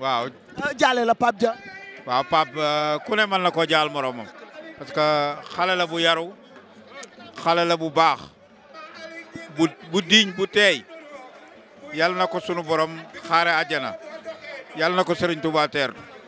waaw euh, jaale la Pape Dia. waaw Pape euh, ku ne mën na ko jaal moromam. parce que xale la bu yaru xale la bu baax bu bu diñ bu teey yal na ko sunu borom xaare àjjana yal na ko Serigne Touba teer